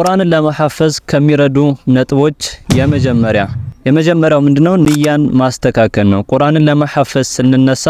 ቁርአንን ለመሐፈዝ ከሚረዱ ነጥቦች የመጀመሪያ የመጀመሪያው ምንድነው? ንያን ማስተካከል ነው። ቁርአንን ለመሐፈዝ ስንነሳ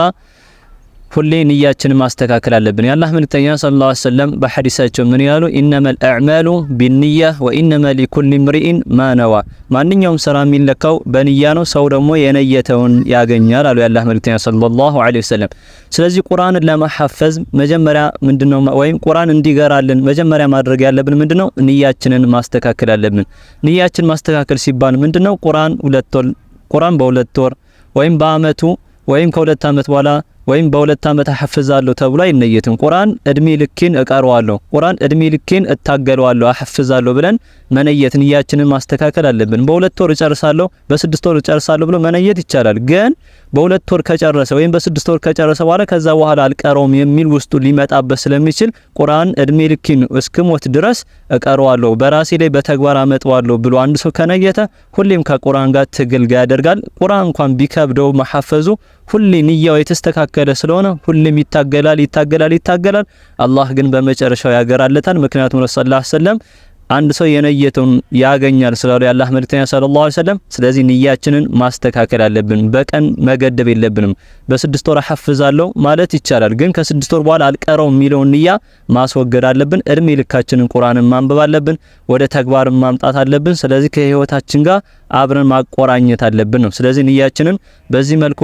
ሁሌ ንያችን ማስተካከል አለብን። የአላህ መልክተኛ ሰለላሁ ዐለይሂ ወሰለም በሐዲሳቸው ምን ያሉ? ኢነመል አዕማሉ ቢንያ ወኢነመ ሊኩል ምርኢን ማነዋ። ማንኛውም ስራ የሚለካው በንያ ነው፣ ሰው ደግሞ የነየተውን ያገኛል አሉ የአላህ መልክተኛ ሰለላሁ ዐለይሂ ወሰለም። ስለዚህ ቁርአንን ለመሐፈዝ መጀመሪያ ምንድነው ወይም ቁርአን እንዲገራልን መጀመሪያ ማድረግ ያለብን ምንድነው? ንያችንን ማስተካከል አለብን። ንያችን ማስተካከል ሲባል ምንድነው? ቁርአን ሁለት ወር ቁርአን በሁለት ወር ወይም በአመቱ ወይም ከሁለት አመት በኋላ ወይም በሁለት ዓመት አህፍዛለሁ ተብሎ አይነየትም። ቁርአን እድሜ ልኬን እቀረዋለሁ፣ ቁርአን እድሜ ልኬን እታገለዋለሁ፣ አህፍዛለሁ ብለን መነየት ንያችንን ማስተካከል አለብን። በሁለት ወር እጨርሳለሁ፣ በስድስት ወር እጨርሳለሁ ብሎ መነየት ይቻላል። ግን በሁለት ወር ከጨረሰ ወይም በስድስት ወር ከጨረሰ በኋላ ከዛ በኋላ አልቀረውም የሚል ውስጡ ሊመጣበት ስለሚችል ቁርአን እድሜ ልኬን እስክሞት ድረስ እቀረዋለሁ፣ በራሴ ላይ በተግባር አመጣዋለሁ ብሎ አንድ ሰው ከነየተ ሁሌም ከቁርአን ጋር ትግል ያደርጋል። ቁርአን እንኳን ቢከብደው መሐፈዙ ሁሌ ንያው የተስተካከለ የተወከለ ስለሆነ ሁሉም ይታገላል ይታገላል ይታገላል። አላህ ግን በመጨረሻው ያገራለታል። ምክንያቱም ረሱል ሰለላሁ ዐለይሂ ወሰለም አንድ ሰው የነየቱን ያገኛል ስላሉ የአላህ መልእክተኛ ሰለላሁ ዐለይሂ ወሰለም። ስለዚህ ንያችንን ማስተካከል አለብን። በቀን መገደብ የለብንም። በስድስት ወር አሐፍዛለሁ ማለት ይቻላል፣ ግን ከስድስት ወር በኋላ አልቀረው የሚለውን ንያ ማስወገድ አለብን። እድሜ ልካችንን ቁርአንን ማንበብ አለብን። ወደ ተግባርን ማምጣት አለብን። ስለዚህ ከህይወታችን ጋር አብረን ማቆራኘት አለብን ነው። ስለዚህ ንያችንን በዚህ መልኩ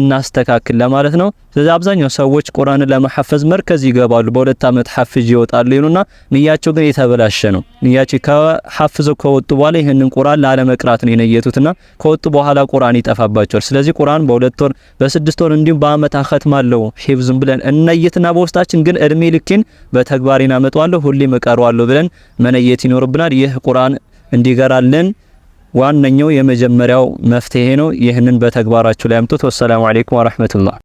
እናስተካክል ለማለት ነው። ስለዚህ አብዛኛው ሰዎች ቁርአንን ለመሐፈዝ መርከዝ ይገባሉ፣ በሁለት ዓመት ሐፍዝ ይወጣሉ ይሉና ንያቸው ግን የተበላሸ ነው። ንያቸው ከሐፍዘው ከወጡ በኋላ ይህንን ቁርአን ላለመቅራት ነው የነየቱትና ከወጡ በኋላ ቁርአን ይጠፋባቸዋል። ስለዚህ ቁርአን በሁለት ወር በስድስት ወር እንዲሁም በአመት አኸትማለሁ ሂፍዝም ብለን እነየትና በውስጣችን ግን እድሜ ልኬን በተግባሬን አመጣዋለሁ ሁሌም እቀረዋለሁ ብለን መነየት ይኖርብናል። ይህ ቁርአን እንዲገራልን ዋነኛው የመጀመሪያው መፍትሄ ነው። ይህንን በተግባራችሁ ላይ አምጡት። ወሰላሙ አሌይኩም ወረህመቱላህ